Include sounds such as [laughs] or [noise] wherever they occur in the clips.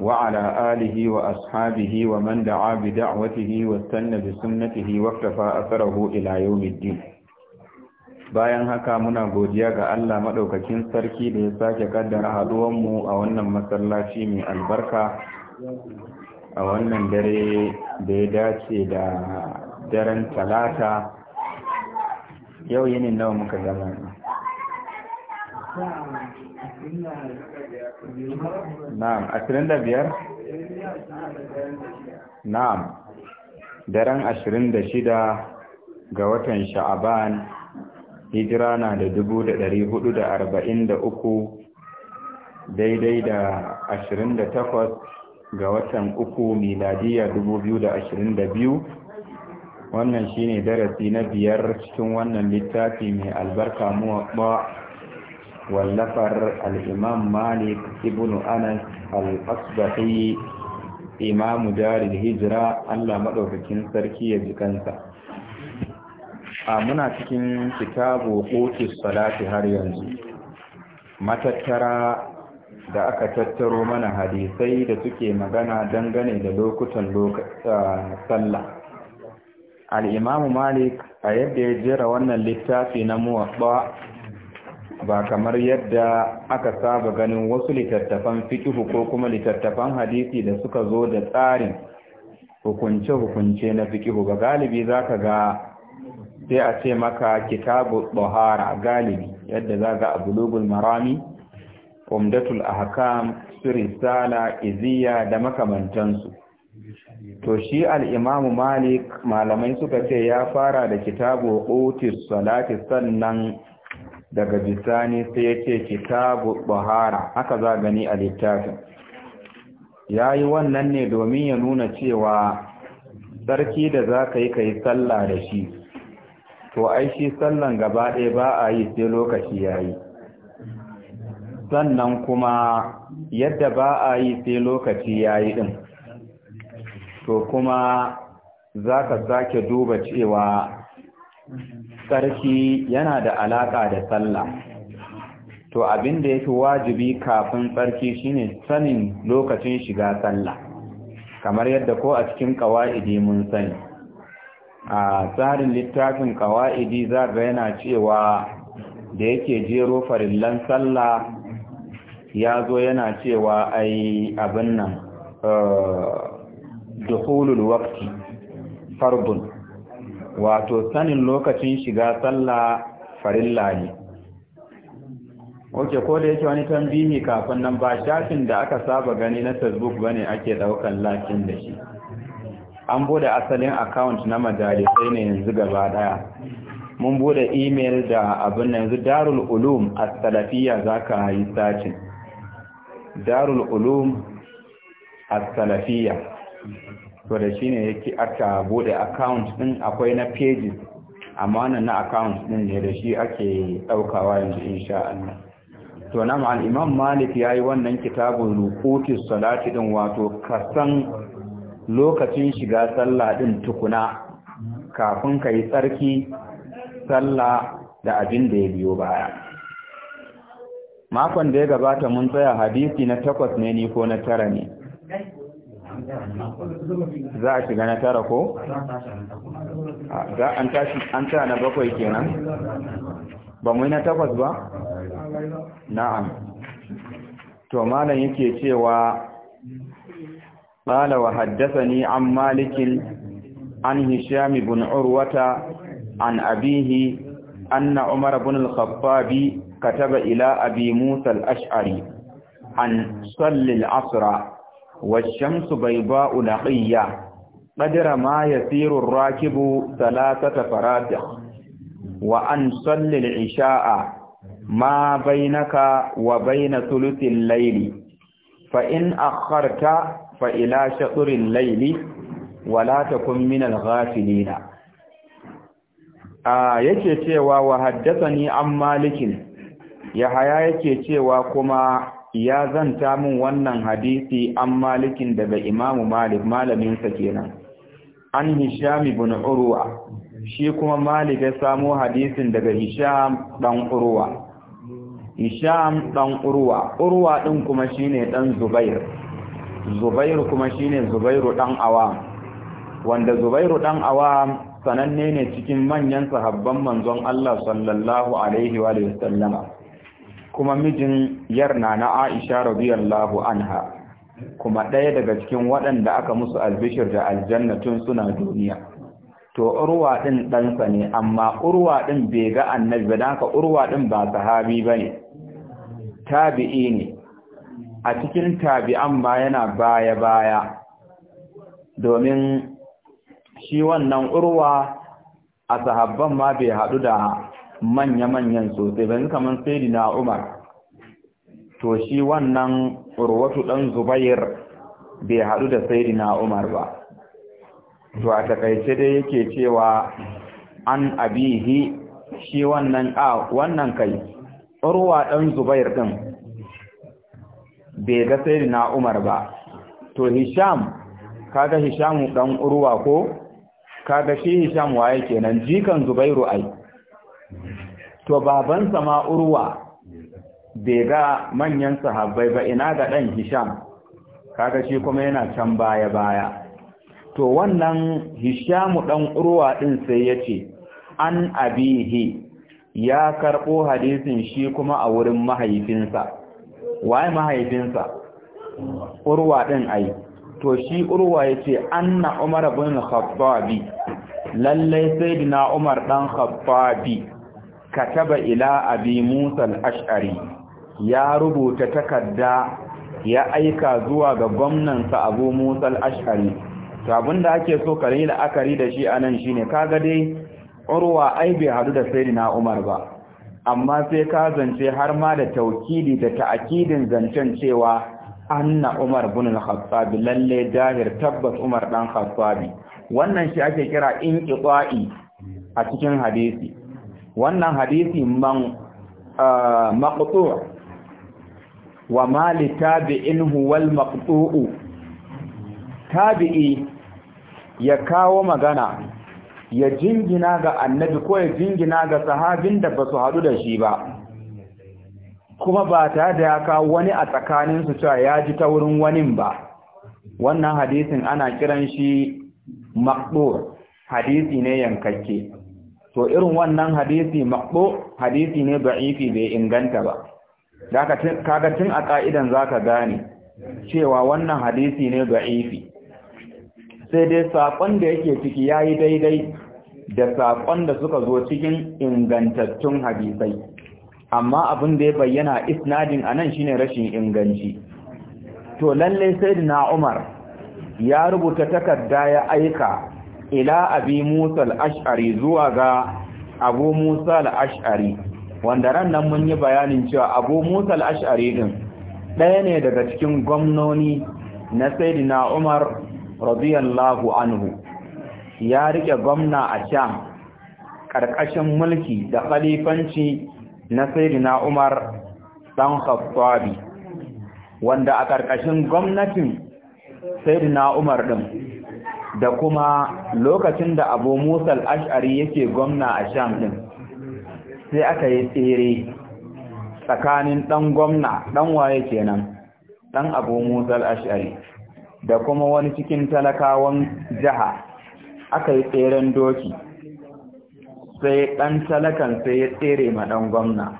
وعلى آله وأصحابه ومن دعا بدعوته واستنى بسنته واكتفى أثره إلى يوم الدين bayan haka muna godiya ga Allah madaukakin sarki da ya sake kaddara haduwan mu a wannan masallaci mai albarka a wannan dare da ya dace da daren talata yau yinin nawa muka gama na'am ashirin da biyar na'am daren ashirin da shida ga watan sha'aban hijira na da dubu da dari hudu da arba'in da uku daidai da ashirin da takwas ga watan uku miladiya dubu biyu da ashirin da biyu wannan shine darasi na biyar cikin wannan littafi mai albarka muwa wallafar al'imam malik Ibnu anas al-asbahi imamu jarin hijira allah maɗaukakin sarki ya jikansa. a muna cikin kitabu ƙotis salati har yanzu matattara da aka tattaro mana hadisai da suke magana dangane da lokutan sallah al'imamu malik a yadda ya jera wannan littafi na muwaɓa ba kamar yadda aka saba ganin wasu littattafan fikihu ko kuma littattafan hadisi da suka zo da tsarin hukunce-hukunce na fikihu ba galibi za ka ga sai a ce maka kitabu tsohara galibi yadda za ga abulugul marami umdatul ahkam sirisala iziya da makamantansu to shi al'imamu malik malamai suka ce ya fara da kitabu otis salati sannan daga bisani sai ya ce kitabu bahara haka za gani a littafin ya yi wannan ne domin ya nuna cewa sarki da za ka yi ka yi sallah da shi to ai shi sallan gaba ɗaya ba a yi sai lokaci ya yi sannan kuma yadda ba a yi sai lokaci ya yi ɗin to kuma za ka sake duba cewa tsarki yana da alaƙa da sallah to abin da yake wajibi kafin tsarki shine sanin lokacin shiga sallah kamar yadda ko a cikin ƙawa'idi mun sani a tsarin littafin ƙawa'idi za ga yana cewa da yake jero farillan sallah ya zo yana cewa ai abin nan eh, duhulul wakti fardun wato sanin lokacin shiga sallah farilla ne Oke ko da yake wani tambihi kafin nan ba shafin da aka saba gani na Facebook bane ake ɗaukan lakin da shi. An bude asalin account na majalisai ne yanzu gaba ɗaya. Mun bude email da abin nan yanzu Darul Ulum As-Salafiyya zaka yi sacin. Darul Ulum a salafiyya to da shine yake aka bude account din akwai na pages amma wannan na account din ne da shi ake daukawa yanzu insha Allah to ma al-Imam Malik yayi wannan kitabun ruqutis salati din wato kasan lokacin shiga sallah din tukuna kafin kai tsarki sallah da abin da ya biyo baya makon da ya gabata mun tsaya hadisi na takwas ne ni ko na tara ne za a shiga na tara ko? an tashi an tara bakwai kenan ba mu yi na takwas ba? na'am to malam yake cewa ɗala wa haddasa ni an malikin an hishami bin urwata an abihi an na umar bin alkhaffabi kataba ila abi musa al'ash'ari an tsallil Asra. والشمس بيضاء نقية قدر ما يسير الراكب ثلاثة فرادق وأن صل العشاء ما بينك وبين ثلث الليل فإن أخرت فإلى شطر الليل ولا تكن من الغافلين a yake وهدثني عن مالك an يكي yahaya كما ya zanta min wannan hadisi an malikin daga imamu malik malaminsa kenan an hisham ibn urwa shi kuma malik ya samo hadisin daga hisham dan urwa hisham dan urwa urwa din kuma shine dan zubair zubair kuma shine zubairu dan awam wanda zubairu dan awam sananne ne cikin manyan sahabban manzon Allah sallallahu alaihi wa sallama kuma mijin 'yar na Aisha radiyallahu anha kuma ɗaya daga cikin waɗanda aka musu albishir da aljanna suna duniya to urwa ɗin ɗansa ne amma urwa ɗin bai ga annabi ba dan urwa ɗin ba sahabi ne, tabi'i ne a cikin tabi'an ma yana baya baya domin shi wannan urwa a sahabban ma bai haɗu da manya-manyan sosai ban kamar sai na umar to shi wannan urwatu ɗan zubair bai haɗu da sai na umar ba to a takaice dai yake cewa an abihi shi wannan a wannan kai urwa ɗan zubair ɗin bai ga sai na umar ba to hisham kaga hisham ɗan urwa ko kaga shi hisham waye kenan jikan zubairu ai to babansa ma urwa bai ga manyan sahabbai ba ina ga ɗan hisham kaga shi kuma yana can baya-baya to wannan hishamu ɗan urwa ɗin sai ya ce an abihi ya karɓo hadisin shi kuma a wurin mahaifinsa waye mahaifinsa urwa ɗin ai to shi urwa ya ce anna umar bin khattabi lallai sai umar ɗan khattabi kataba ila abi musa ashari ya rubuta takarda ya aika zuwa ga gwamnansa abu Musal ashari to abinda ake so ka yi la'akari da shi a anan shine kaga dai urwa ai bai haɗu da sayyidina umar ba amma sai ka zance har ma da taukidi da ta'akidin zancen cewa anna umar bin al-khattab dahir tabbas umar Ɗan khattabi wannan shi ake kira "In inqita'i a cikin hadisi wannan hadisi man maqtu' wa mali tabi'in huwal maqtu tabi'i ya kawo magana ya jingina ga annabi ko ya jingina ga sahabin da basu hadu da shi ba kuma ba ta da ya kawo wani a tsakaninsu cewa ya ji ta wurin wani ba wannan hadisin ana kiran shi maqtu' hadisi ne yankakke to irin wannan hadisi maqbu hadisi ne ba'ifi bai inganta ba kaga tun a ka'idan zaka gane cewa wannan hadisi ne ba'ifi sai dai saƙon da yake ciki yayi daidai da saƙon da suka zo cikin ingantattun hadisai amma abin da ya bayyana isnadin anan shine rashin inganci to lalle sayyidina Umar ya rubuta takarda ya aika ila abi musa al-ash'ari zuwa ga abu musa al-ash'ari wanda ran mun yi bayanin cewa abu musa al-ash'ari din ɗaya ne daga cikin gwamnoni na Saidina umar radiyallahu anhu ya rike gwamna a sham ƙarƙashin mulki da khalifanci na sayyidina umar dan khattabi wanda a ƙarƙashin gwamnatin Saidina umar din da kuma lokacin da abu musal ash'ari yake gwamna a sham din sai aka yi tsere tsakanin ɗan gwamna dan waye kenan ɗan abu musal ash'ari da kuma wani cikin talakawan jiha aka yi tseren doki sai ɗan talakan sai ya tsere ma ɗan gwamna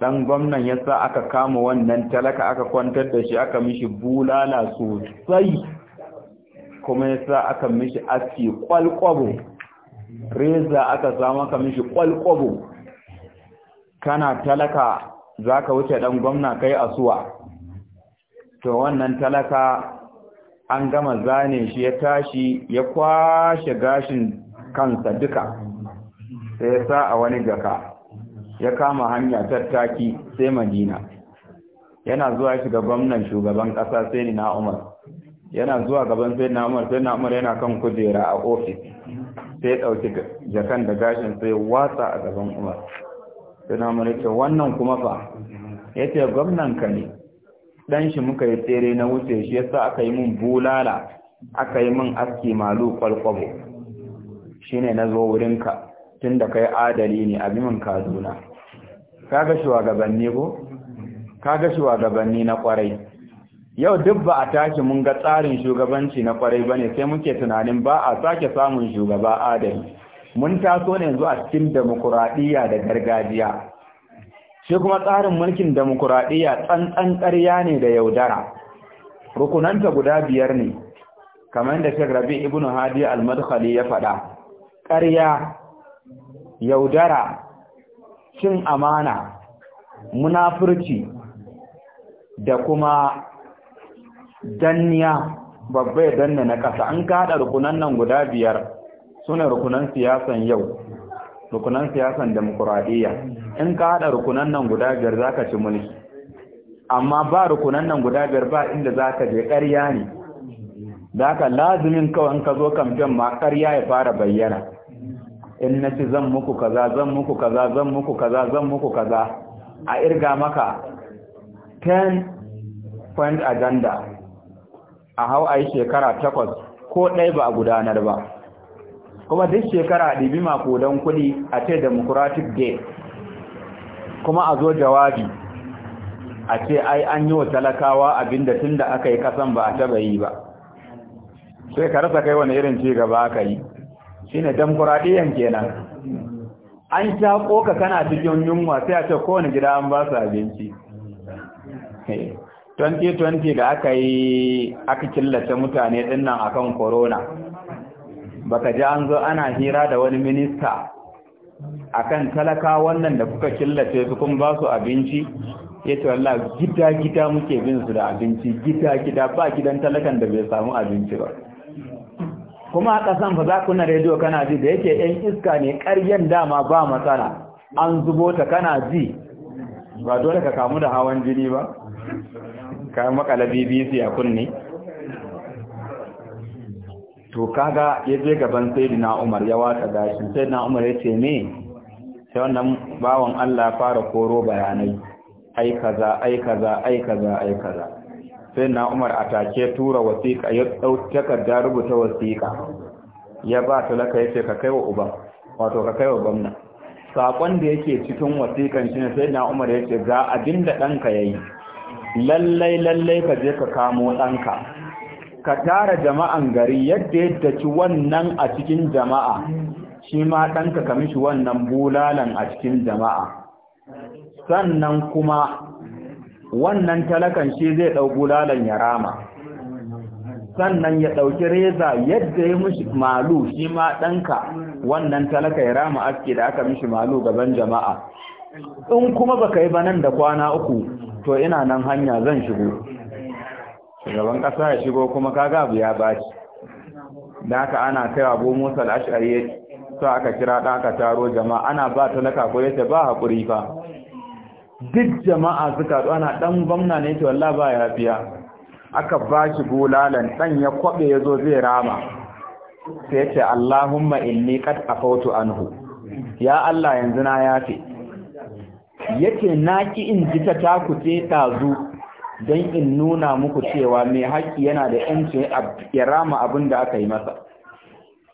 ɗan gwamnan ya aka kama wannan talaka aka kwantar da shi aka mishi bulala sosai kuma ya sa aka mishi aski kwalkwabo reza aka samu aka mishi kwalkwabo kana talaka za ka wuce dan gwamna kai asuwa to wannan talaka an gama zane shi ya tashi ya kwashe gashin kansa duka sai ya sa a wani jaka ya kama hanya tattaki sai madina yana zuwa shiga gwamnan shugaban ƙasa sai ni na umar yana zuwa gaban sai na umar sai na umar yana kan kujera a ofis sai ɗauki jakan da gashin sai watsa a gaban umar sai na umar wannan kuma fa yace gwamnan ka ne dan shi muka yi tsere na wuce shi yasa aka yi min bulala aka yi min aski malu kwalkwabo shine na zo wurinka tun da kai adali ne abi min kaduna kaga shugabanni ko kaga shugabanni na kwarai yau duk ba a tashi mun ga tsarin shugabanci na kwarai bane sai muke tunanin ba a sake samun shugaba adali mun taso ne zuwa cikin demokuraɗiyya da gargajiya shi kuma tsarin mulkin demokuraɗiyya tsantsan ƙarya ne da yaudara rukunanta guda biyar ne kamar da shek rabi ibn hadi al-madkhali ya faɗa ƙarya yaudara cin amana munafurci da kuma danniya babba ya danna na ƙasa an ka haɗa rukunan nan guda biyar suna rukunan siyasan yau rukunan siyasan demokuraɗiyya in ka haɗa rukunan nan guda biyar za ka ci mulki amma ba rukunan nan guda biyar ba inda za ka je ƙarya ne Za ka lazumin kawai ka zo kamfen ma ƙarya ya fara bayyana in na ci zan muku kaza zan muku kaza zan muku kaza zan muku kaza a irga maka 10 point agenda a hau a yi shekara takwas ko ɗaya ba a gudanar ba kuma duk shekara a ɗibi don kuɗi a ce democratic day kuma a zo jawabi a ce ai an yi wa talakawa abinda tun da aka yi kasan ba a taba yi ba sai ka rasa kai wani irin ci gaba aka yi shi ne demokuraɗiyyar kenan an sha ƙoka kana cikin yunwa sai a ce kowane gida an ba su abinci 2020 da aka yi aka killace mutane dinnan akan corona baka ji an zo ana hira da wani minista akan talaka wannan da kuka killace su kun ba su abinci ya ce wallah gida-gida muke bin su da abinci gida-gida ba gidan talakan da bai samu abinci ba kuma a ƙasan fa za ku na rediyo kana ji da yake ‘yan iska ne ƙaryen dama ba matsala an zubo ta kana ji ba dole ka kamu da hawan jini ba ka makala bbc a kunne to kaga ya je gaban sayyidina umar ya watsa gashin sayyidina umar ya ce me sai wannan bawan Allah fara koro bayanai ai kaza ai kaza ai kaza ai kaza sayyidina umar a take tura wasiƙa ya ɗau takarda rubuta wasiƙa ya ba talaka yace ka kai wa uba wato ka kai wa gwamna sakon da yake cikin wasiƙan shi ne sayyidina umar yace ga abin da ɗanka yayi lallai lallai ka je ka kamo ɗanka ka tara jama'an gari yadda yadda ci wannan a cikin jama'a shi ma ɗanka ka mishi wannan bulalan a cikin jama'a sannan kuma wannan talakan shi zai ɗau bulalan ya rama sannan ya ɗauki reza yadda ya mishi malu shi ma ɗanka wannan talaka ya rama aski da aka mishi malu gaban jama'a in kuma baka yi ba nan da kwana uku to ina nan hanya zan shigo shugaban kasa ya shigo kuma kaga abu ya baci da haka ana kai abu musa al'ashari sa aka kira da aka taro jama'a ana ba talaka ko yace ba hakuri fa duk jama'a suka zo ana dan gwamna ne to wallahi ba fiya aka bashi bulalan dan ya kwabe yazo zai rama sai ce Allahumma inni qad afawtu anhu ya Allah yanzu na yafe. yake naki in ji ta takute tazu don in nuna muku cewa mai haƙƙi yana da ƴancin ya rama abin da aka yi masa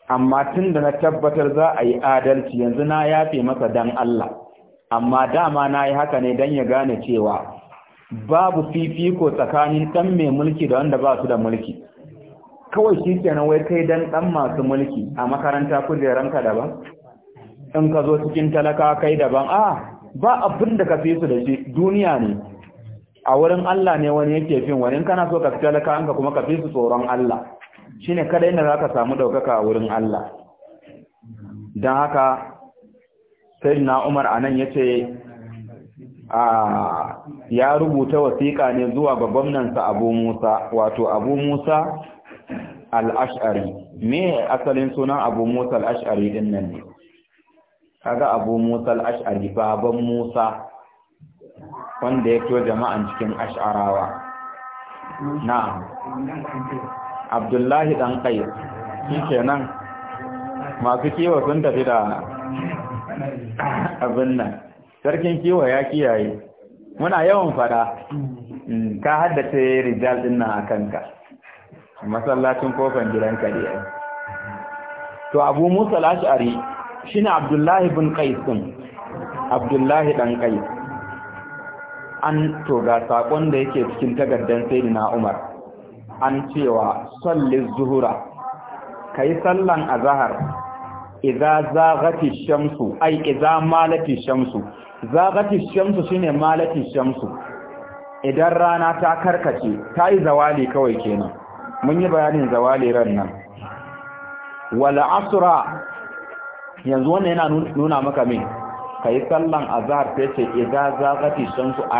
amma tun da na tabbatar za a yi adalci yanzu na yafe masa don Allah amma dama na yi haka ne don ya gane cewa babu fifiko tsakanin ɗan mai mulki da wanda ba su da mulki kawai shi na wai kai dan ɗan masu mulki a makaranta kujeranka daban in ka zo cikin talaka kai daban a ah, ba abin da ka fi su da shi duniya ne a wurin Allah ne wani yake fin wani kana so ka fita laka kuma ka fi su tsoron Allah shine kada za ka samu daukaka a wurin Allah dan haka na Umar anan yace a ya rubuta wasiƙa ne zuwa ga sa Abu Musa wato Abu Musa al-Ash'ari me asalin sunan Abu Musa al-Ash'ari din nan kaga abu musa al'ash'ari baban musa wanda ya fito jama'an cikin ash'arawa na abdullahi dan kai shi kenan masu kiwo sun tafi da abin nan sarkin kiwo ya kiyaye muna yawan fada mm, ka haddace rijal din nan a kanka masallacin kofan gidanka ne to abu musa al'ash'ari shine Abdullahi bin Kais ɗin? Abdullahi dan Qais an to ga sakon da yake cikin tagaddan Sayyidina Umar an cewa salli zuhura kai sallan azhar idza zaghati shamsu ai idza malati shamsu zaghati shamsu shine malati shamsu idan rana ta karkace ta yi zawali kawai kenan mun yi bayanin zawali ran nan wal asra yanzu wannan yana nuna maka min kai sallan azhar sai ce idza zaqati shamsu a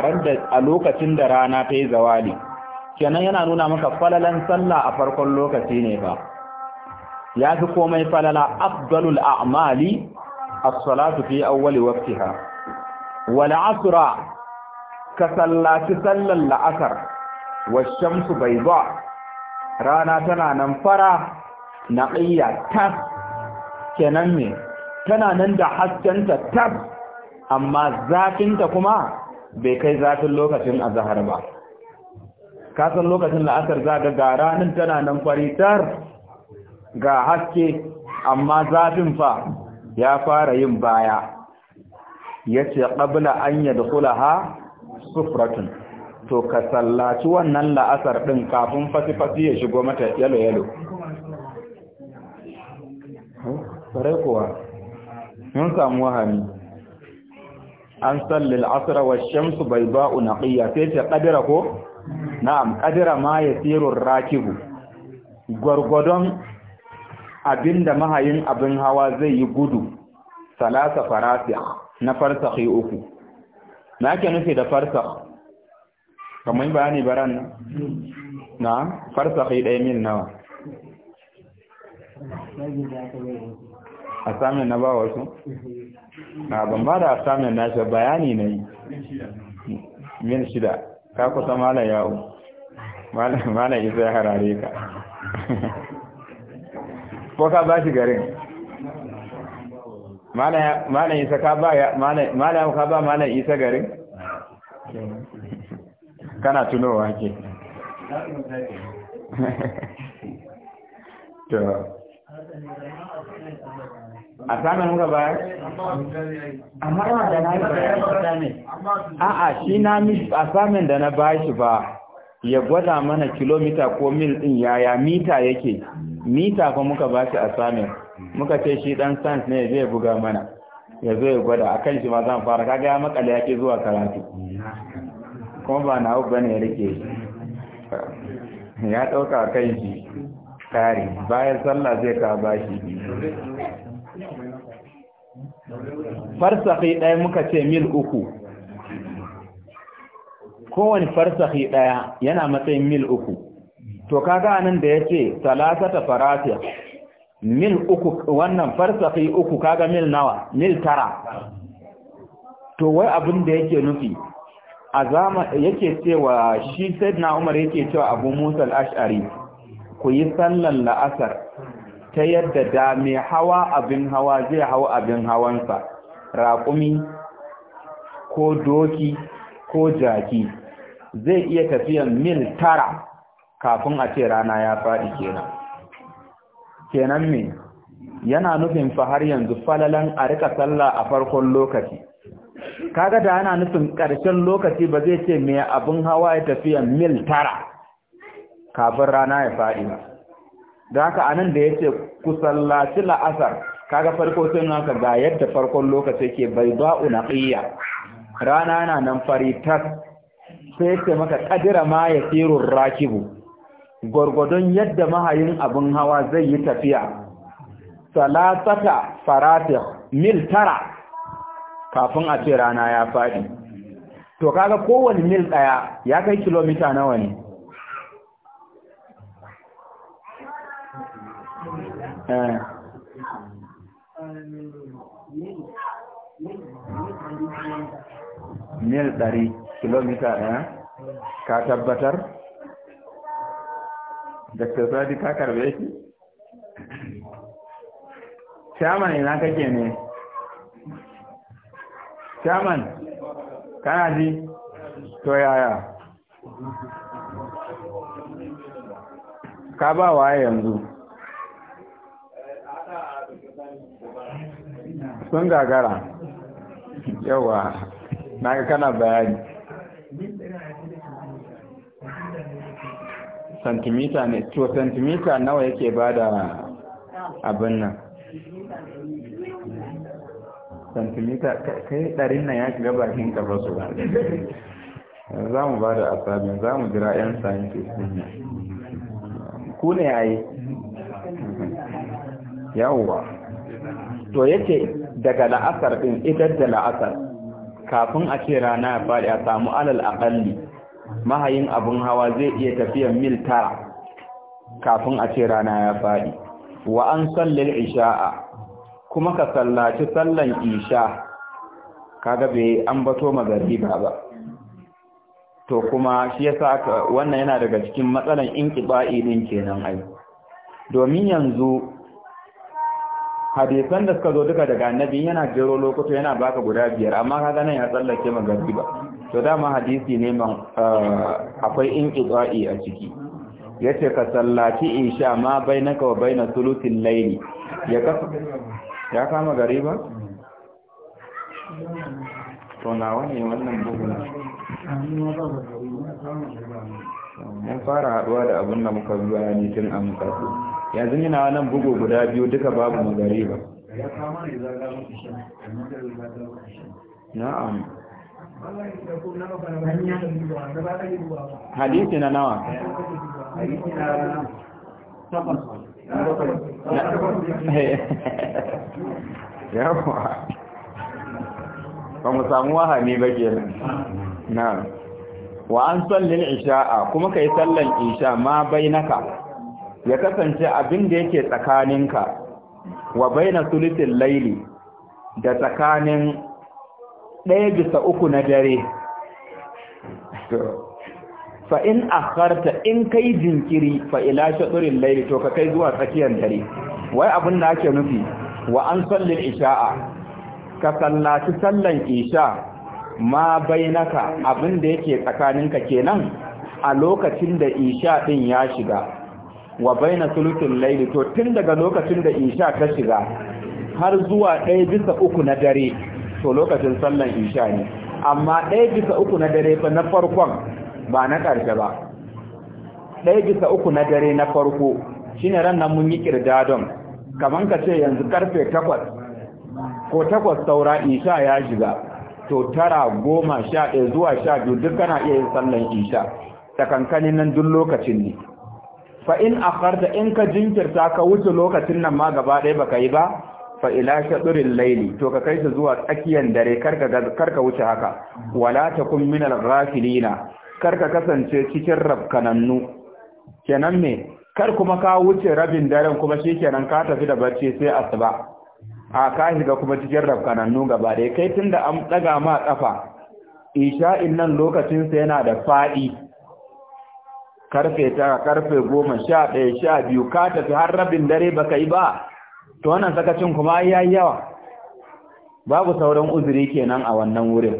a lokacin da rana ta yi zawali kenan yana nuna maka falalan sallah a farkon lokaci ne ba ya fi komai falala afdalul a'mali as-salatu fi awwali waqtiha wal 'asra ka sallaci sallar la'asar washamsu bai ba rana tana nan fara na ta kenan ne tana nan da haskenta tab amma zafinta kuma bai kai zafin lokacin azahar ba kasan lokacin la'asar za ga gara tana nan faritar ga haske amma zafin fa ya fara yin baya ya ce ƙabla an yă ha sufratun to ka sallaci wannan la'asar ɗin kafin fasifasi ya shigo mata yalo-yalo. kuwa. mun samu wahami an sallil asra wa shamsu bayda'u naqiya sai ta qadira ko na'am qadira ma yasiru rakibu gurgudon abinda mahayin abin hawa zai yi gudu salasa farasiya na farsahi uku na ke nufi da farsah kamar bayani baran na farsahi ɗaya mil nawa assignment na ba wasu na ban ba da assignment na shi bayani na yi min shida ka kusa malam yawo malam isa ya harare ka ko ka ba shi garin malam isa ka ba malam ka ba malam isa garin kana tunowa ke [laughs] to a samun muka ba amma da na yi a'a shi na a da na bashi ba ya gwada mana kilomita ko mil din yaya mita yake mita kuma muka bashi a samun muka ce shi dan sans ne zai buga mana ya zo ya gwada a kan shi ma zan fara kaga ya makale yake zuwa karatu kuma ba na hau bane ya rike ya ɗauka a kan shi kare bayan sallah zai ka bashi farsahi ɗaya muka ce mil uku kowane farsahi ɗaya yana matsayin mil uku to kaga nan da ya ce talatata farafiya mil uku wannan farsahi uku kaga mil nawa mil tara to wai abin da yake nufi a zama yake cewa shi said na umar yake cewa abu musa ashari ku yi sallan la'asar ta yadda da mai hawa abin hawa zai hau abin hawansa raƙumi ko doki ko jaki zai iya tafiyan mil tara kafin a ce rana ya faɗi kenan kenan me yana nufin fa har yanzu falalan a rika sallah a farkon lokaci kaga da yana nufin ƙarshen lokaci ba zai ce mai abin hawa ya tafiyan mil tara kafin rana ya faɗi ba da haka anan da ya yace kusallaci la'asar kaga farko sun haka ga yadda farkon lokaci ke bai ba naqiya rana na nan fari tas sai ce maka ƙadira ma ya sirur rakibu gwargwadon yadda mahayin abin hawa zai yi tafiya Salasata faratih mil tara kafin a ce rana ya faɗi to kaga kowane mil ɗaya ya kai kilomita nawa ne Eh. mil ɗari kilomita ɗaya ka tabbatar da sadi ka karbe shi shaman ina kake ne shaman kana ji to yaya ka ba waye yanzu sun gagara yawa na ga kana bayani santimita ne to santimita nawa yake ba da abin nan santimita kai ɗarin nan ya shiga bakin ƙafa su ba za mu ba da asabi za mu jira 'yan sayanci ku ne ya yi yawwa to yake daga la'asar ɗin idan da la'asar kafin a ce rana ya faɗi a samu alal aƙalli mahayin abin hawa zai iya tafiyan mil tara kafin a ce rana ya faɗi wa an sallar isha'a kuma ka sallaci sallan isha kaga bai ambato magariba ba to kuma shi yasa wannan yana daga cikin matsalan inqiba'i din kenan ai domin yanzu hadisan da suka zo duka daga annabi yana jero lokuta yana baka guda biyar amma kaga nan ya tsallake magari ba to dama hadisi ne man eh, akwai inqidai a ciki yace ka sallaci insha ma bainaka wa baina thuluthil layli ya ka ya kama gari ba to na ne wannan bugun mun fara haɗuwa da abin da muka bayani tun an kasu yanzu yana nan bugu guda biyu duka babu magariba na'am hadisi na nawa yawa ba mu samu wahami ba ke na wa an sallin isha'a kuma ka yi sallan isha ma bai naka ya kasance abin da yake tsakaninka wa baina sulusin laili da tsakanin ɗaya bisa uku na dare fa in akharta in kai jinkiri fa ila laili to ka kai zuwa tsakiyar dare wai abin da ake nufi wa an sallin isha'a ka sallaci sallan isha ma bainaka abin da yake tsakaninka kenan a lokacin da isha din ya shiga wa baina sulutul layli to tun daga lokacin da insha ta shiga har zuwa ɗaya bisa uku na dare to lokacin sallan insha ne amma ɗaya bisa uku na dare fa na farkon ba na ƙarshe ba ɗaya bisa uku na dare na farko shine ran nan mun yi kirdadon kaman ka ce yanzu karfe takwas ko takwas saura insha ya shiga to tara goma sha ɗaya zuwa sha biyu duk kana iya yin sallan insha tsakankanin nan duk lokacin ne fa in akharta in ka jinkirta ka wuce lokacin nan ma gaba ɗaya baka yi ba fa ila shadurin laili to ka kai ta zuwa tsakiyar dare karka karka wuce haka wala takun min al-ghafilina karka kasance cikin rabkanannu kenan me kar kuma ka wuce rabin daren kuma shikenan ka tafi da barci sai asuba a ka shiga kuma cikin rabkanannu gaba ɗaya kai tunda an daga ma kafa isha'in nan lokacin yana da faɗi. karfe tara karfe goma sha ɗaya sha biyu ka tafi har rabin dare ka yi ba to wannan sakacin kuma ya yi yawa babu sauran uzuri kenan a wannan wurin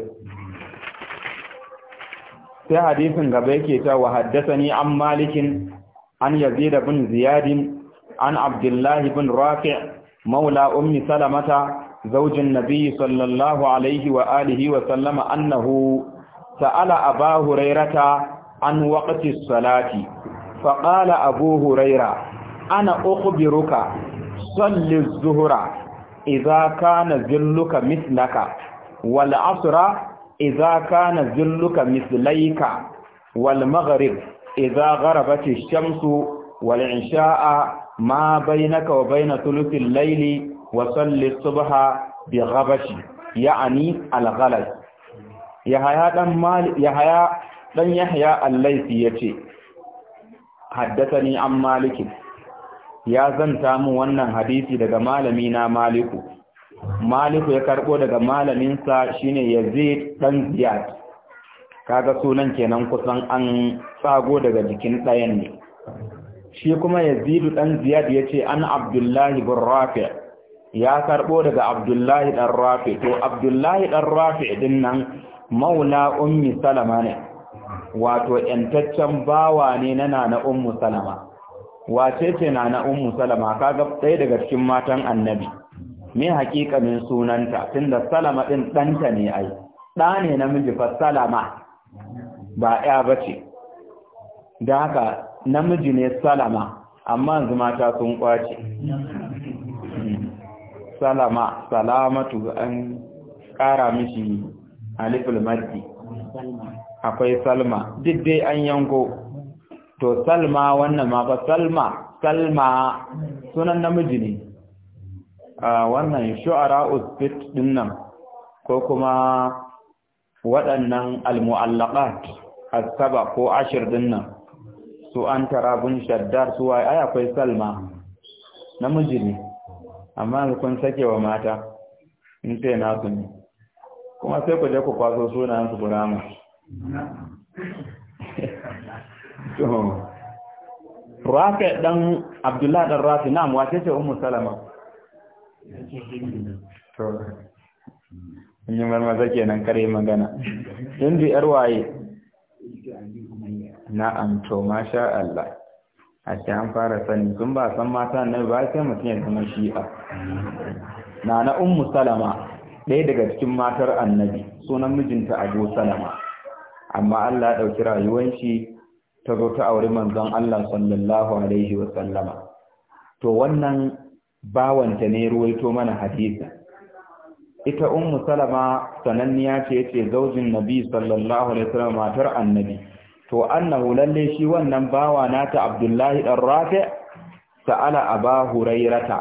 sai hadisin gaba yake ta wa haddasani an malikin an yazid bin ziyadin an abdullahi bin rafi' maula ummi salamata zaujin nabiyyi sallallahu alaihi wa alihi wa sallama annahu sa'ala aba an waqti salati faƙala abu huraira ana biruka salli az-zuhra ka kana zilluka mislaka wal asra ka kana zilluka mislaika wal iza idza shamsu wal isha'a ma bainaka wa baina thuluthi al-layli wa salli subha bi ghabashi ya'ni al-ghalas yahaya dan dan yahya al-laisi yace haddathani an maliki. ya zanta mu wannan hadisi daga malami na maliku maliku ya karbo daga malamin sa shine yazid dan ziyad kaga sunan kenan kusan an tsago daga jikin ɗayan ne shi kuma yazid dan ziyad yace an abdullahi bin rafi' ya karbo daga abdullahi dan rafi to abdullahi dan rafi din nan maula ummi salama ne wato ‘yantaccen bawa ne na nana ummu salama wace ce nana ummu salama kaga ɗaya daga cikin matan annabi me hakikamin sunanta tunda salama ɗin ɗanta ne ai ɗa ne namiji fa salama ba ya bace da haka namiji ne salama amma yanzu mata sun kwace salama salamatu an ƙara mishi alif maddi akwai salma duk dai an yanko to salma wannan ma ba salma salma sunan namiji ne wannan shu'ara usfit din ko kuma waɗannan almu'allaqat Asaba ko ashir din su an tarabun shaddar su ai akwai salma namiji ne amma kun sake wa mata in sai nasu ne kuma sai ku je ku kwaso sunayen su burama Rafi ɗan Abdullah dan Rafi na mu wace ce Ummu Salama? To, in yi zake nan kare magana. bi ‘yar waye? Na'am, to, masha Allah. A ce an fara sani, sun ba san mata na ba sai mutum ya zama shi'a. Na na Ummu Salama, ɗaya daga cikin matar annabi, sunan mijinta Abu Salama. amma Allah ya ɗauki rayuwanci ta zo ta auri manzon Allah sallallahu alaihi wa sallama to wannan bawanta ne ruwaito mana hadisi ita ummu salama sananniya ce ce zaujin nabi sallallahu alaihi wasallam matar annabi to annahu lalle shi wannan bawa nata abdullahi Ɗan rafi sa'ala aba hurairata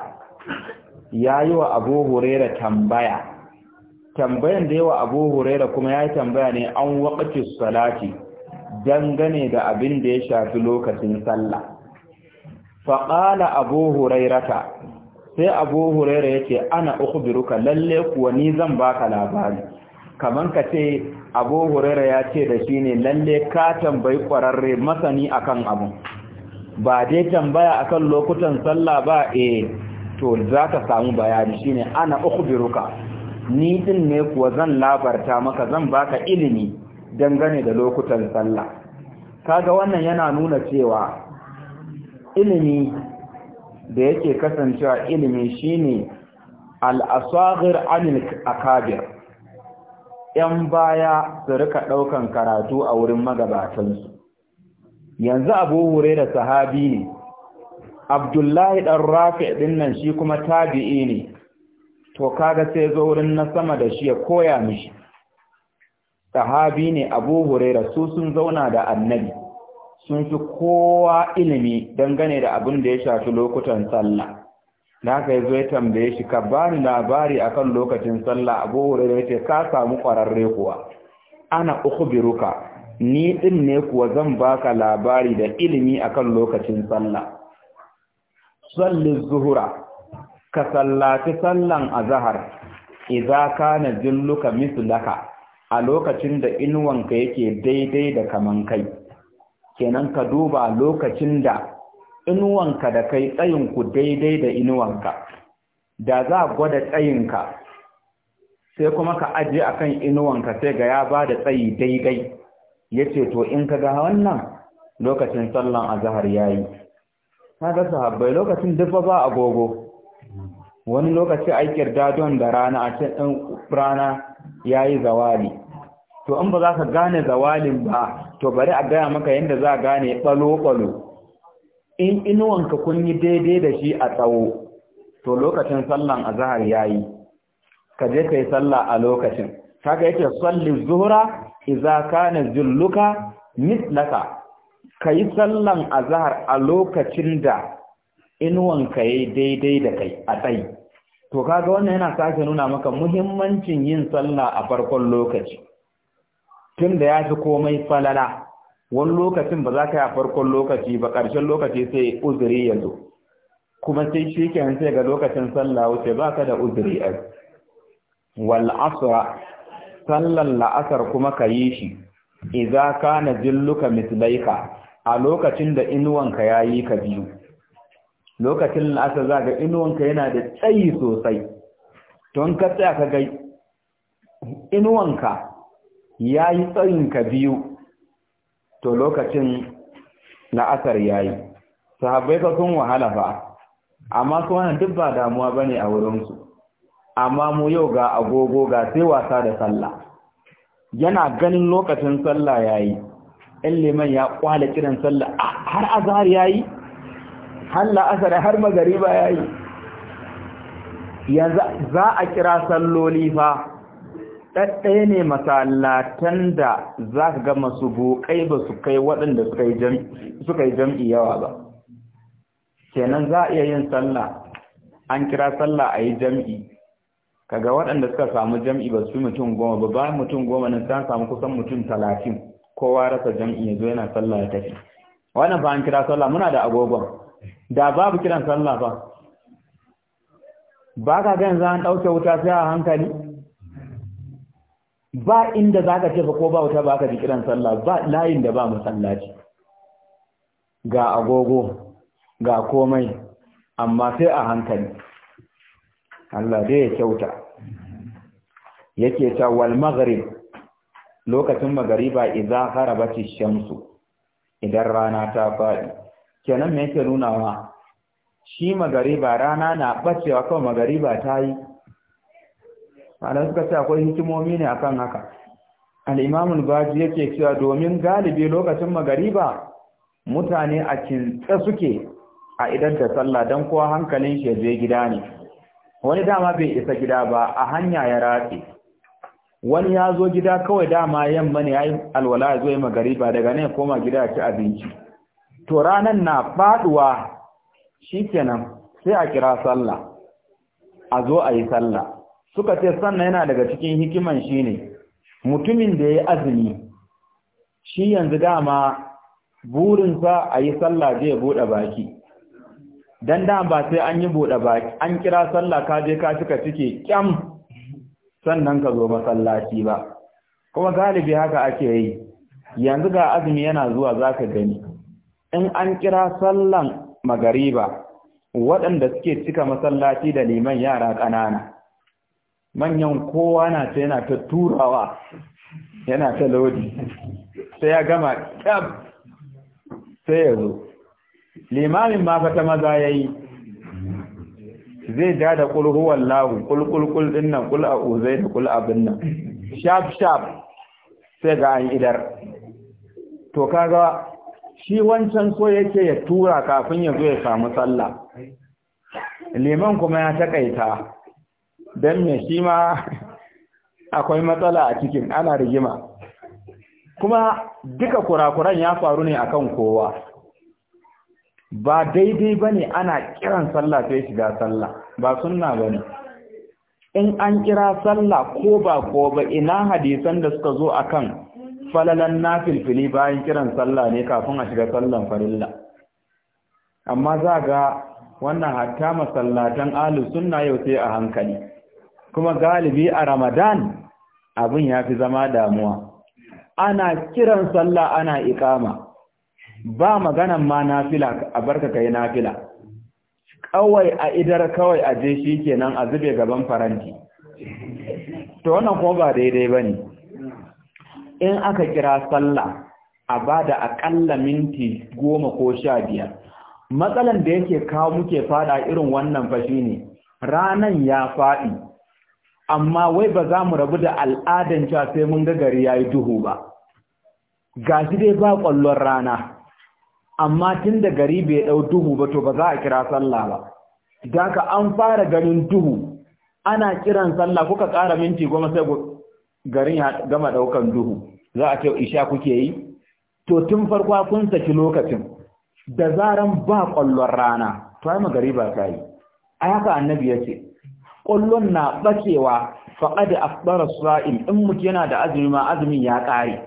yi wa abu hurairata tambaya tambayan da yawa abu huraira kuma ya tambaya ne an waƙaci salati dangane da abin da ya shafi lokacin sallah faƙala abu hurairata sai abu huraira ya ce ana biruka lalle kuwa ni zan baka labari kamar ka ce abu huraira ya ce da shi ne lalle ka tambayi ƙwararre masani akan abu ba dai tambaya akan lokutan sallah ba eh to za ka samu bayani shine ana biruka. ni din ne kuwa zan labarta maka zan baka ilimi dangane da lokutan sallah kaga wannan yana nuna cewa ilimi da yake kasancewa ilimi shine al-asagir anil akabir yan baya su rika daukan karatu a wurin magabatansu yanzu abu hure da sahabi ne abdullahi dan rafi dinnan shi kuma tabi'i ne to kaga sai zo wurin na sama da shi ya koya mishi sahabi ne abu huraira su sun zauna da annabi sun fi kowa ilimi dangane da abin da ya shafi lokutan sallah Na kai ya zo ya tambaye shi ka bani labari akan lokacin sallah abu huraira ya ka samu kwararre kuwa ana ukhbiruka ni din ne kuwa zan baka labari da ilimi akan lokacin sallah salli zuhura ka sallaci sallan azahar ka na julluka mislaka a lokacin da inuwanka yake daidai da kaman kai kenan ka duba lokacin da inuwanka da kai tsayinku daidai da inuwanka da za a gwada tsayinka sai kuma ka aje akan inuwanka sai ga ya ba da tsayi daidai yace to in ka ga wannan lokacin sallan azhar yayi kaga sahabbai lokacin duk ba agogo wani lokaci a don da rana a can ɗan rana ya yi zawali to in ba za ka gane zawalin ba to bari a gaya maka yadda za a gane ɓalo-ɓalo in inuwanka kun yi daidai da shi a tsawo to lokacin sallan azahar ya yi ka je ka yi sallah a lokacin kaga yake salli zuhura iza na zulluka mislaka ka yi sallan azahar a lokacin da inuwanka yayi daidai da kai a tsayi to kaga wannan yana sake nuna maka muhimmancin yin sallah a farkon lokaci tunda ya fi komai falala wani lokacin ba za ka yi a farkon lokaci ba ƙarshen lokaci sai uzuri ya zo kuma sai shi ke sai ga lokacin sallah wuce ba ka da uzuri a wal asra sallan la'asar kuma ka yi shi idza kana jilluka mislaika a lokacin da inuwanka yayi ka biyu lokacin la'asar za ga inuwanka yana da tsayi sosai don ka tsaya ka ga inuwanka ya yi ka biyu to lokacin la'asar ya yi sahabbai ka sun wahala fa. amma su duk ba damuwa ba ne a wurinsu amma mu yau ga agogo ga sai wasa da sallah yana ganin lokacin sallah ya yi in liman ya kwale kiran sallah ah, har azhar ya yi har asara har magariba ya yi za a kira salloli fa ɗaɗɗaya ne masallatan da za ka ga masu buƙai ba su kai waɗanda suka yi jam'i yawa ba kenan za a iya yin sallah an kira sallah a yi jam'i kaga waɗanda suka samu jam'i ba su mutum goma ba bayan mutum goma nan ta samu kusan mutum talatin kowa rasa jam'i ya zo yana sallah ya tafi wannan ba an kira sallah muna da agogon da babu kiran sallah ba ba ka gan za an ɗauke wuta sai a hankali ba inda za ka tafi ko ba wuta ba ka ji kiran sallah ba layin da ba masallaci ga agogo ga komai amma sai a hankali Allah dai ya kyauta yake ta wal maghrib lokacin magariba idza harabati shamsu idan rana ta faɗi kenan me yake nunawa shi magariba rana na bacewa kawai magariba ta yi malam suka ce akwai hikimomi ne akan haka al'imamun baji yake cewa domin galibi lokacin magariba mutane a kintsa suke a idan da sallah don kowa hankalin shi je gida ne wani dama bai isa gida ba a hanya ya ratse wani ya zo gida kawai dama yamma ne ya yi alwala ya zo yi magariba daga ne koma gida ya ci abinci to ranan na faduwa shikenan sai a kira sallah a zo a yi sallah suka ce sannan yana daga cikin hikiman shine mutumin da ya azumi shi yanzu dama burinsa a yi sallah zai buɗe baki don da ba sai an yi buɗe baki an kira sallah ka je ka cika cike kyam sannan ka zo masallaci ba kuma galibi haka ake yi yanzu ga azumi yana zuwa zaka gani in an kira sallan magariba waɗanda suke cika masallaci da liman yara ƙanana manyan kowa na ta yana ta turawa yana ta lodi sai ya gama ƙab sai ya zo limamin ma fata maza ya yi zai ja da ƙulhuwan lagu ƙulƙulƙul ɗin nan ƙul a uzai da ƙul abin nan shaf shaf sai ga an idar to kaga shi wancan so yake ya tura kafin ya zo ya samu sallah liman kuma ya takaita don me shi ma [laughs] akwai matsala a cikin ana rigima kuma duka kurakuran ya faru ne akan kowa ba daidai ba ne ana kiran sallah sai shiga sallah ba sunna ba ne in an kira sallah ko ba ko ba ina hadisan da suka zo akan falalan nafilfili bayan kiran sallah ne kafin a shiga sallan farilla amma za ga wannan hatta masallatan alu sunna yau sai a hankali kuma galibi a ramadan abin ya fi zama damuwa ana kiran sallah ana ikama ba maganan ma nafila a barka kai nafila kawai a idar kawai a je shi kenan a zube gaban faranti to wannan kuma ba daidai bane in aka kira sallah a bada akalla minti goma ko sha biyar matsalan da yake kawo muke fada irin wannan fashi ne ranan ya faɗi amma wai ba za mu rabu da al'adan cewa sai mun ga gari ya yi duhu ba ga shi dai ba ƙwallon rana amma tun da gari bai ɗau duhu ba to ba za a kira sallah ba da ka an fara ganin duhu ana kiran sallah kuka kara minti goma sai garin ya gama daukan duhu za a ce isha kuke yi to tun farko kun saki lokacin da zaran ba kwallon rana to ai magari ba ta yi a haka annabi ya ce kwallon na bacewa faƙad asbara sura'il in mutu yana da azumi ma azumin ya ƙare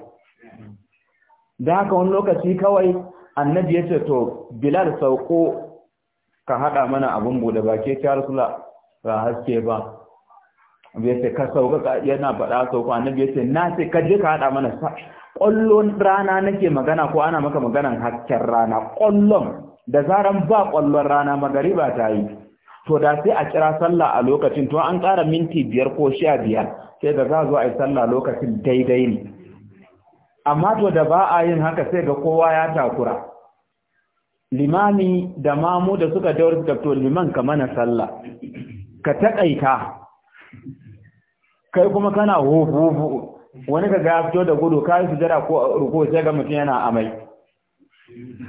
da haka wani lokaci kawai annabi ya ce to bilal sauko ka haɗa mana abin buɗe ba ke ta rasula ba haske ba ya ce ka sauka yana faɗa sauka na ya sai na ce ka je ka haɗa mana ƙwallon rana nake magana ko ana maka maganan hakken rana ƙwallon da zaran ba ƙwallon rana magari ba ta yi to da sai a kira sallah a lokacin to an ƙara minti biyar ko sha biyar sai da za a zo a yi sallah lokacin daidai ne amma to da ba a yin haka sai ga kowa ya takura limami da mamu da suka dawar da to liman ka mana sallah ka taƙaita kai kuma kana hufu wani ka ga fito da gudu kayi sujada ko ruko sai ga mutum yana amai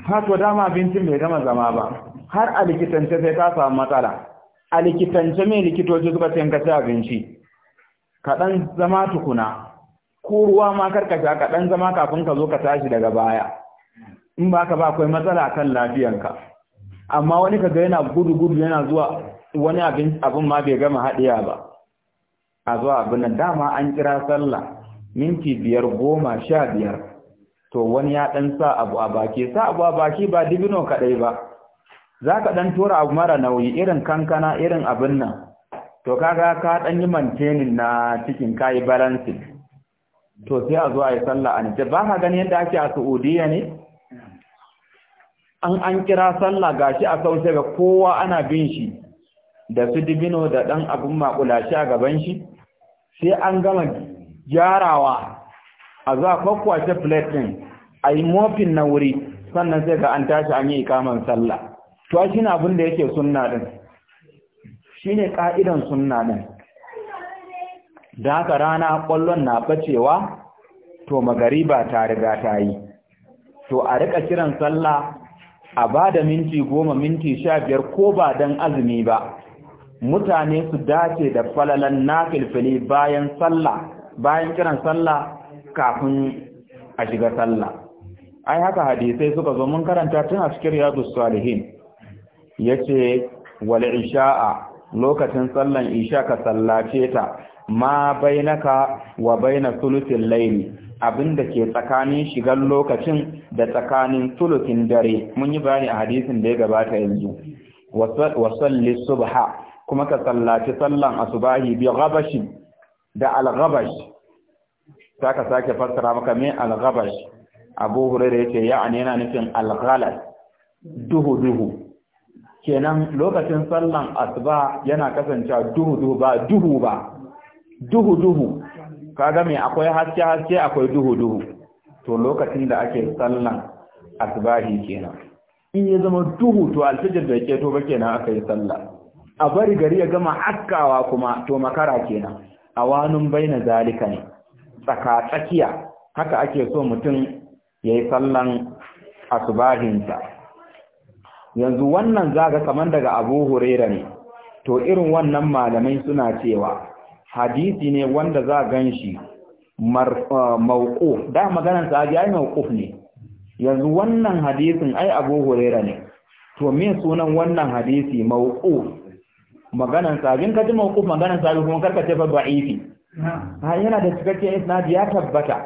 har to dama abincin bai gama zama ba har a likitance sai ta samu matsala a likitance mai likitoci suka ce ka ci abinci kaɗan zama tukuna ko ruwa ma karkasha kaɗan zama kafin ka zo ka tashi daga baya in ba ka ba akwai matsala kan lafiyanka amma wani ka ga yana gudu gudu yana zuwa wani abin ma bai gama haɗiya ba a zuwa abin nan dama an kira sallah minti biyar goma sha biyar to wani ya ɗan sa abu a baki sa abu a baki ba dibino kaɗai ba za ka ɗan tura abu mara nauyi irin kankana irin abin nan to kaga ka ɗan yi mantenin na cikin kayi balansin to sai a zuwa sallah a nace ba ka gani yadda ake a saudiya ne an an kira sallah gashi a sauce ga kowa ana bin shi da su dibino da ɗan abin makulashi a gaban shi sai an gama gyarawa a za a kwakwace plate a yi mofin na wuri sannan sai ga an tashi an yi ikaman sallah to shi ne abin da yake sunna din shi ne ƙa'idan sunna din da haka rana ƙwallon na ɓacewa, to Magari ba tare riga ta yi to a rika kiran sallah a ba da minti goma minti sha biyar ko ba don azumi ba mutane su dace da falalan nafilfili bayan sallah bayan kiran sallah kafin a shiga sallah ai haka hadisai suka zo mun karanta tun a cikin riyadus salihin yace wal isha'a lokacin sallan isha ka sallace ta ma bainaka wa baina sulutil layli abinda ke tsakanin shigan lokacin da tsakanin sulutin dare mun yi bayani a hadisin da ya gabata yanzu wa salli subha kuma ka sallaci sallan asubahi bi ghabashi da al-ghabash saka sake fassara maka me al-ghabash Abu Hurairah yace ne yana nufin al-ghalas duhu duhu kenan lokacin sallan asuba yana kasancewa duhu duhu ba duhu ba duhu duhu kaga me akwai haske haske akwai duhu duhu to lokacin da ake sallan asbahi kenan in ya zama duhu to alfijir da yake to ba kenan aka yi sallah a bari gari ya gama hakkawa kuma to makara kenan a wanun baina zalika ne tsaka tsakiya haka ake so mutum ya yi sallan asubahinsa yanzu wannan zaga kamar daga abu hurera ne to irin wannan malamai suna cewa hadisi ne wanda za gan shi uh, mauƙuf da maganar sahabi ai mauƙuf ne yanzu wannan hadisin ai abu hurera ne to me sunan wannan hadisi mauƙuf maganan sabin in ka ji mawquf maganan sabin kuma karka ce fa ha yana da cikakken isnadi ya tabbata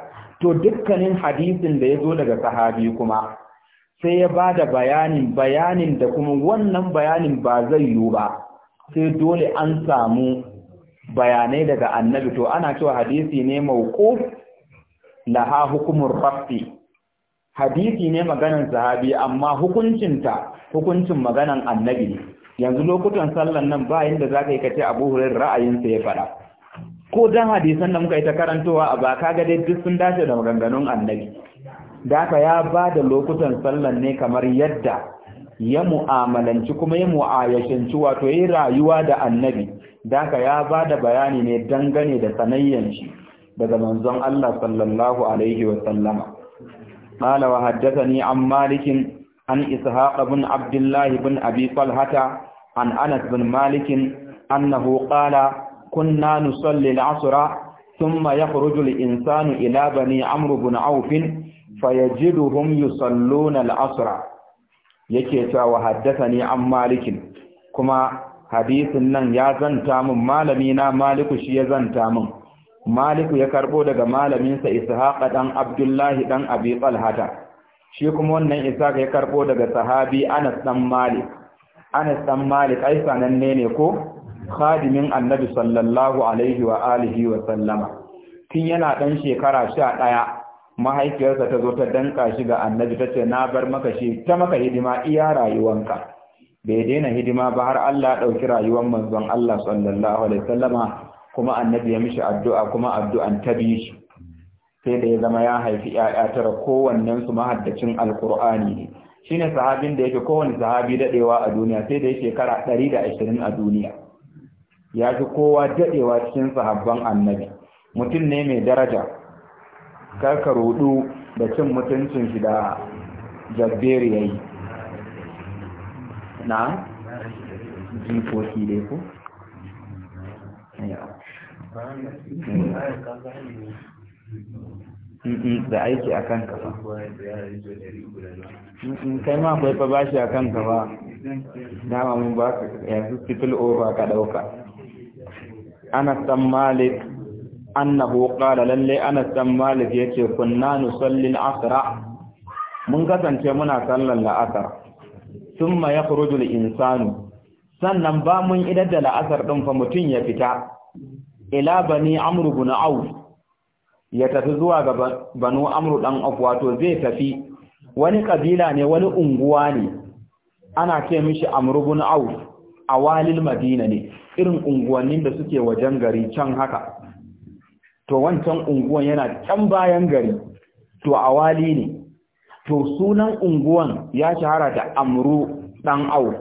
to dukkanin hadisin da ya zo daga sahabi kuma sai ya ba da bayanin bayanin da kuma wannan bayanin ba zai yiwu ba sai dole an samu bayanai daga annabi to ana cewa hadisi ne mauquf laha hukumur rafi hadisi ne maganan sahabi amma hukuncinta hukuncin maganan annabi ne yanzu lokutan sallan nan ba yanda za ka yi kace abu hurin ra'ayinsa ya faɗa ko dan hadisan da muka yi ta karantowa a baka ka ga dai duk sun dace da maganganun annabi da ya ba da lokutan sallan ne kamar yadda ya mu'amalanci kuma ya mu'ayashanci wato yi rayuwa da annabi da ya ba da bayani ne dangane da sanayyan shi daga manzon Allah sallallahu alaihi wa sallama qala wa haddathani an malikin an ishaq bin abdullah bin abi talhata an anas bin malik annahu qala kunna nusalli al-asra thumma yakhruju al-insanu ila bani amr bin auf fayajiduhum yusalluna al-asra yake haddasa haddathani an malikin. kuma hadisin nan ya zanta min malami maliku shi ya zanta min maliku ya karɓo daga malaminsa ishaqa dan abdullahi dan abi talhata shi kuma wannan ishaq ya karbo daga sahabi anas dan malik anas dan malik ai sananne ne ko khadimin annabi sallallahu alaihi wa alihi wa sallama tun yana dan shekara 11 mahaifiyarsa ta zo ta danka shi ga annabi tace na bar maka shi ta maka hidima iya rayuwanka bai daina hidima ba har Allah ya dauki rayuwar manzon Allah sallallahu alaihi wa sallama kuma annabi ya mishi addu'a kuma addu'an tabi shi sai da ya zama ya haifi ‘ya'ya tara kowannen su mahaddacin alkur'ani ne shi ne sahabin da yake kowane sahabi daɗewa a duniya sai da ya shekara ɗari da ashirin a duniya ya fi kowa daɗewa cikin sahabban annabi mutum ne mai daraja karka rudu da cin mutuncin shi da jabberi ya yi na jikoki dai Mm, mm, da aiki a kan kafa mm, kai ma akwai fa bashi a kan kafa dama mun ba ka yanzu title over ka dauka ana dan malik annahu qala lalle ana dan malik yace kunna nusalli al-asra mun kasance muna sallar la'asar thumma yakhruju al-insanu sannan ba mun idar da la'asar din fa mutun ya fita ila bani amru ibn auf ya tafi zuwa ga banu amru dan af wato zai tafi wani kabila ne wani unguwa ne ana ce mishi amru bin auf a walil madina ne irin unguwannin da suke wajen gari can haka to wancan unguwan yana can bayan gari to a wali ne to sunan unguwan ya shahara da amru dan au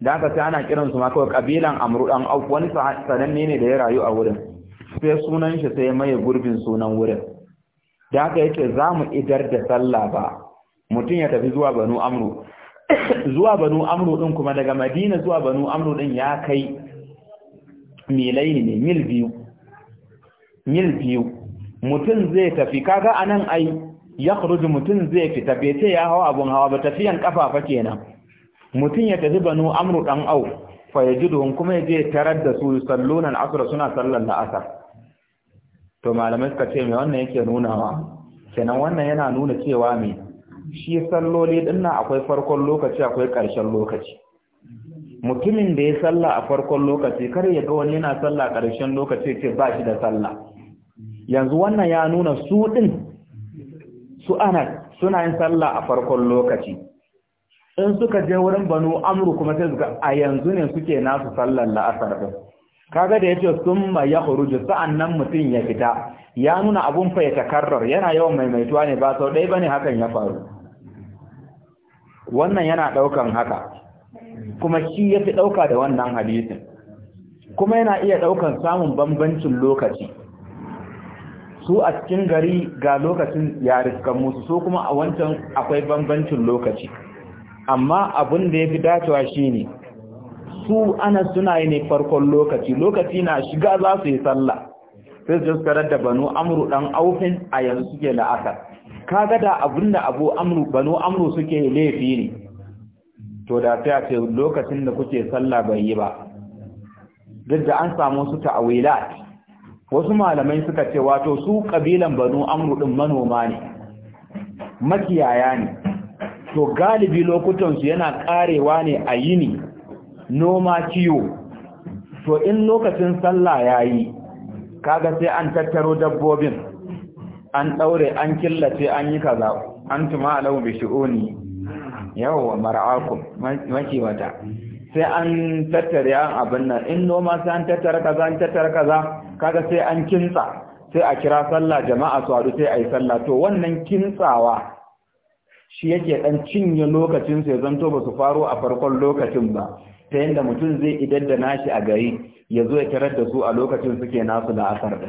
da aka sai ana kiransu ma kawai kabilan amru dan auf wani sananne ne da ya rayu a wurin sai sunan shi sai mai gurbin sunan wurin da aka yake za mu idar da sallah ba mutum ya tafi zuwa banu amru [coughs] zuwa banu amru din kuma daga madina zuwa banu amru din ya kai milai ne mil biyu mil biyu mutum zai tafi kaga anan ai ya kuruji mutum zai fita bai ce ya hawa abun hawa ba tafiyan kafafa kenan mutum ya tafi banu amru dan au fa yajiduhum kuma ya je tarar da su sallonan asr suna sallan la asr to malamai suka ce mai wannan yake nunawa kenan wannan yana nuna cewa mai shi salloli dinnan akwai farkon lokaci akwai karshen lokaci mutumin da ya salla a farkon lokaci kar ya ga wani yana salla ƙarshen lokaci ce ba shi da salla yanzu wannan ya nuna su ɗin su ana suna yin salla a farkon lokaci in suka je wurin banu amru kuma sai suka a yanzu ne suke nasu sallar la'asar din. kaga da yace summa yakhruju sa'annan mutum ya fita ya nuna abun fa ya takarrar yana yawan maimaituwa ne ba sau dai bane hakan ya faru wannan yana daukan haka kuma shi ya fi ɗauka da wannan hadisin kuma yana iya daukan samun bambancin lokaci su a cikin gari ga lokacin ya musu su kuma a wancan akwai bambancin lokaci amma abin da yafi dacewa shine su ana suna yi ne farkon lokaci lokaci na shiga za su yi sallah sai su karar da banu amru dan aufin a yanzu suke la'asar kaga da abinda abu amru banu amru suke laifi ne to da sai a ce lokacin da kuke sallah bai yi ba duk da an samu su ta'awilat wasu malamai suka ce wato su kabilan banu amru din manoma ne makiyaya ne to galibi lokutan su yana karewa ne a yini noma kiyo to in lokacin sallah yayi kaga sai an tattaro dabbobin an daure an killace an yi kaza antuma alau bi shu'uni yawa mar'akum maki wata sai an tattare an abin nan in noma sai an tattara kaza an tattara kaza kaga sai an kintsa sai a kira sallah jama'a su haɗu sai a yi sallah to wannan kintsawa shi yake dan cinye lokacin sai zanto ba su faro a farkon lokacin ba ta yadda mutum zai idar da nashi a gari ya zo ya tarar da su a lokacin suke nasu da asar da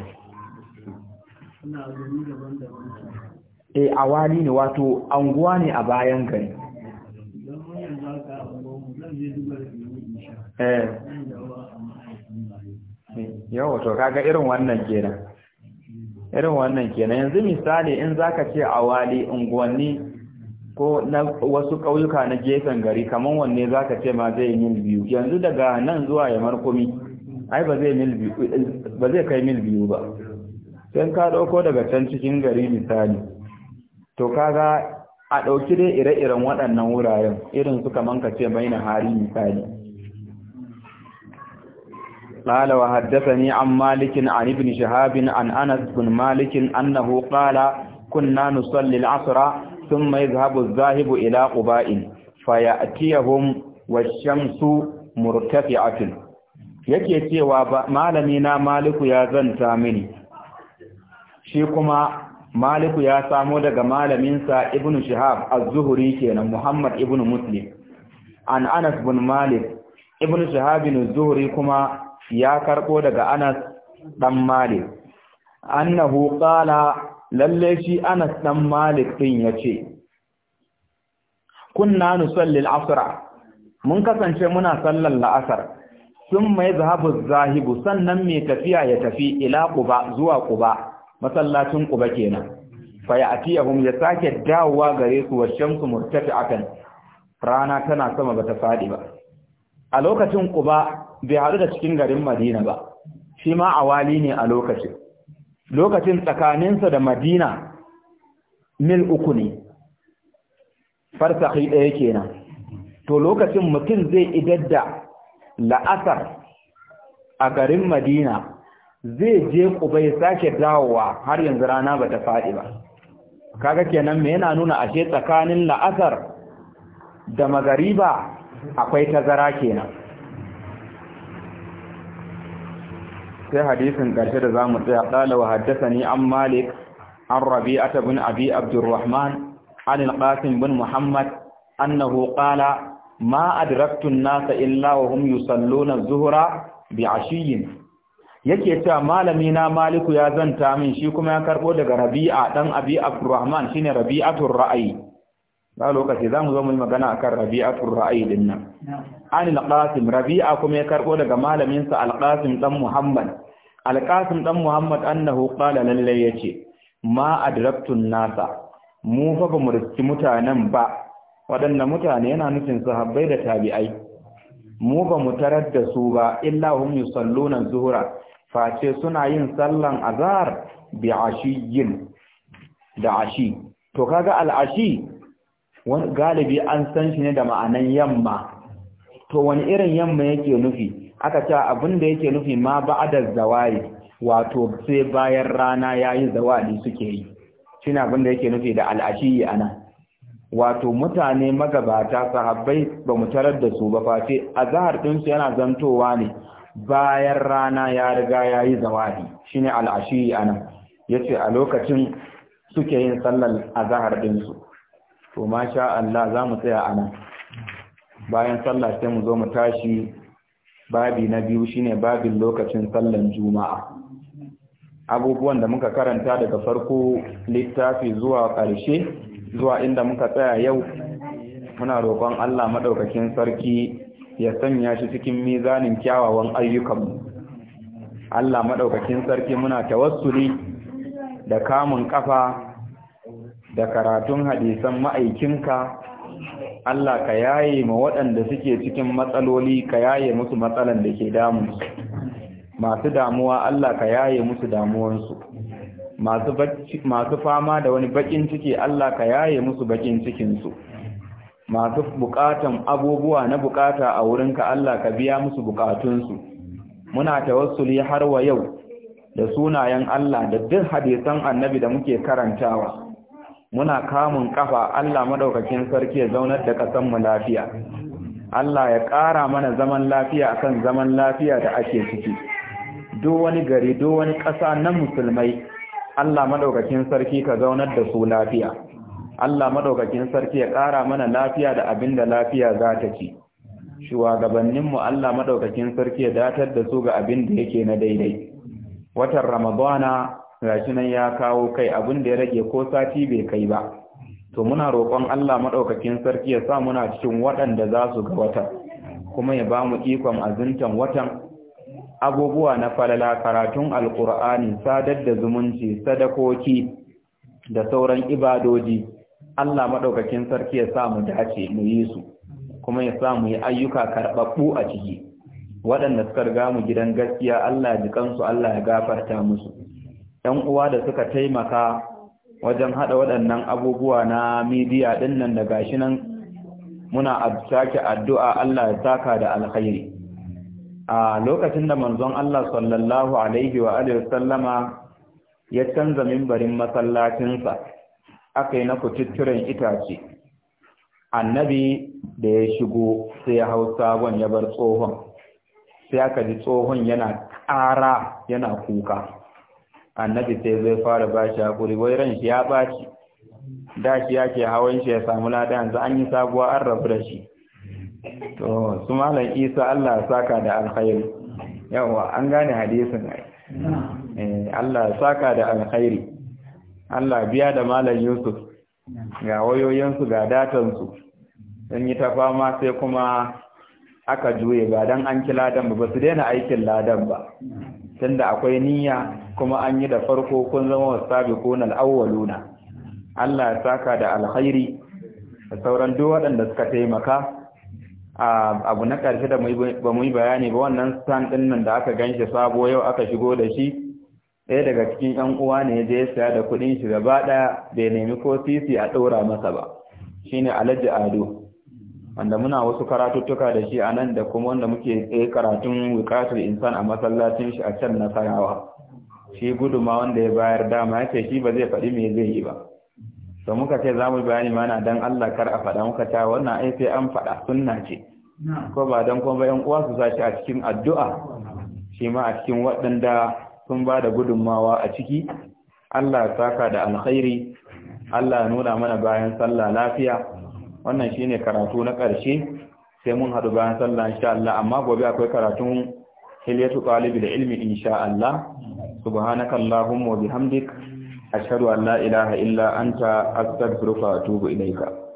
eh, e awali ne wato anguwa ne a bayan gari eh. yau wato kaga irin wannan kenan irin wannan kenan yanzu misali in zaka ce awali unguwanni ko na wasu ƙauyuka na gefen gari kamar wanne za ka ce ma zai mil biyu yanzu daga nan zuwa ya markomi ai ba zai kai mil biyu ba sai ka ɗauko daga can cikin gari misali to kaga a ɗauki dai ire-iren waɗannan wuraren irin su kamar ka ce mai na hari misali قال وحدثني عن مالك عن ابن شهاب عن أنس بن مالك أنه قال كنا نصلي العصر ثم يذهب ila إلى fayatiyahun washamsu murtafi مرتفعة yake cewa malami na maliku ya zanta mini shi kuma maliku ya samo daga malaminsa ibn shihab az-zuhri kenan muhammad ibn muslim an anas bin malik ibn shihab az-zuhri kuma ya karbo daga anas dan malik annahu qala lalle shi Anas dan Malik din yace kunna nusalli al-asr mun kasance muna sallar la'asar summa yadhhabu zahibu sannan mai tafiya ya tafi ila quba zuwa quba masallacin quba kenan fa ya'tiyahum ya sake dawowa gare su wa shamsu rana tana sama bata fadi ba a lokacin quba bai haɗu da cikin garin Madina ba shi ma awali ne a lokacin lokacin tsakaninsa da madina mil uku ne farsaki ɗaya kenan to lokacin mutum zai idar da la'asar a garin madina zai je kuba ya sake dawowa har yanzu rana ba ta faɗi ba kaga kenan me yana nuna ashe tsakanin la'asar da magariba akwai tazara kenan sai hadisin ƙarshe da za mu tsaya qala wa ni an malik an ta bin abi abdurrahman an bin muhammad annahu qala ma adraktu nasa illa wa hum yusalluna zuhra bi'ashiyin yake cewa malami na maliku ya zanta min shi kuma ya karɓo daga rabi'a ɗan abi abdurrahman shine Rabi'atun ra'ayi ba lokaci za mu zo mu yi magana akan rabi'atul ra'ayi din nan an al-qasim rabi'a kuma ya karbo daga malamin sa al-qasim dan muhammad al-qasim dan muhammad annahu qala lalle yace ma adraktun nasa mu fa ba mu riski mutanen ba waɗannan mutane yana nufin sahabbai da tabi'ai mu ba mu tarar da su ba illa hum yusalluna zuhra face suna yin sallan azhar bi ashiyin da ashi to kaga al-ashi wani galibi an san shi ne da ma'anan yamma to wani irin yamma yake nufi aka ce abin da yake nufi ma ba'da zawai wato sai bayan rana yayi zawali suke yi shine abin da yake nufi da al'ashi ana wato mutane magabata sahabbai ba mu tarar da su ba face azhar din su yana zantowa ne bayan rana ya riga yayi zawali shine al'ashi ana yace a lokacin suke yin sallar azhar din su to sha Allah za mu tsaya a bayan sallah sai mu zo mu tashi babi na biyu shine babin lokacin sallan juma'a abubuwan da muka karanta daga farko littafi zuwa ƙarshe zuwa inda muka tsaya yau muna roƙon Allah maɗaukakin sarki ya sanya shi cikin mizanin kyawawan ayyukanmu Allah maɗaukakin sarki muna tawassuli da kamun ƙafa da karatun hadisan ma'aikinka Allah ka yaye ma waɗanda suke cikin matsaloli ka yaye musu matsalan da ke damunsu masu damuwa Allah ka yaye musu damuwansu masu fama da wani bakin ciki Allah ka yaye musu bakin cikinsu masu bukatan abubuwa na bukata a wurinka Allah ka biya musu bukatunsu muna tawassuli har wa yau da sunayen Allah da duk hadisan annabi da muke karantawa muna kamun kafa Allah madaukakin sarki ya zaunar da kasan mu lafiya Allah ya ƙara mana zaman lafiya akan zaman lafiya da ake ciki duk wani gari duk wani ƙasa na musulmai Allah madaukakin sarki ka zaunar da su lafiya Allah madaukakin sarki ya ƙara mana lafiya da abinda lafiya za ta ci mu Allah madaukakin sarki ya datar da su ga abinda da yake na daidai watan Ramadana gashi nan ya kawo kai abin da ya rage ko sati bai kai ba to muna roƙon Allah maɗaukakin sarki ya sa muna cikin waɗanda za su ga wata, kuma ya ba mu ikon azintan watan abubuwa na falala karatun Alƙur'ani, sadar da zumunci sadakoki da sauran ibadoji Allah maɗaukakin sarki ya sa mu dace mu yi su kuma ya sa mu yi ayyuka karɓaɓɓu a ciki waɗanda suka riga mu gidan gaskiya Allah ya ji kansu Allah ya gafarta musu ‘yan uwa da suka taimaka wajen haɗa waɗannan abubuwa na midiya ɗin nan da gashi nan muna sake addu'a Allah ya saka da alkhairi. A lokacin da manzon Allah sallallahu Alaihi wa sallama ya canza mimbarin masallacinsa, aka yi na kututturen itace. Annabi da ya shigo sai ya hau sabon ya bar tsohon, sai aka ji tsohon yana ƙara yana kuka. annabi sai zai fara ba shi hakuri wai ran shi ya baci da shi yake hawan shi ya samu lada yanzu an yi sabuwa an rabu da shi to su malam isa Allah ya saka da alkhairi yawa an gane hadisin eh Allah ya saka da alkhairi Allah biya da malam Yusuf ga wayoyinsu ga datansu sun yi ta fama sai kuma aka juye ba don an ki ladan ba ba su daina aikin ladan ba tunda akwai niyya kuma an yi da farko kun zama wasabiquna alawwaluna Allah ya saka da alkhairi da sauran duk waɗanda suka taimaka abu na ƙarshe da ba mu yi bayani ba wannan stand ɗin nan da aka ganshi sabo yau aka shigo da shi ɗaya daga cikin 'yan uwa ne je saya da kuɗin shi gaba ɗaya bai nemi ko sisi a ɗora masa ba shine alhaji ado wanda muna wasu karatuttuka da shi a nan da kuma wanda muke tsaye karatun wukatar insan a masallacin shi a can na nasarawa shi guduma wanda ya bayar dama yake shi ba zai faɗi me zai yi ba to muka ce za mu bayani mana dan Allah kar a faɗa muka ta wannan ai sai an faɗa sunna ce ko ba dan kuma yan uwa su sashi a cikin addu'a shi ma a cikin waɗanda sun ba da gudunmawa a ciki Allah ya saka da alkhairi Allah ya nuna mana bayan sallah lafiya wannan shine karatu na ƙarshe sai mun haɗu bayan sallah insha Allah amma gobe akwai karatun hilyatu talibi da ilmi insha Allah subhanakallahumma wa bihamdik ashhadu an la ilaha illa anta astaghfiruka wa atubu ilayka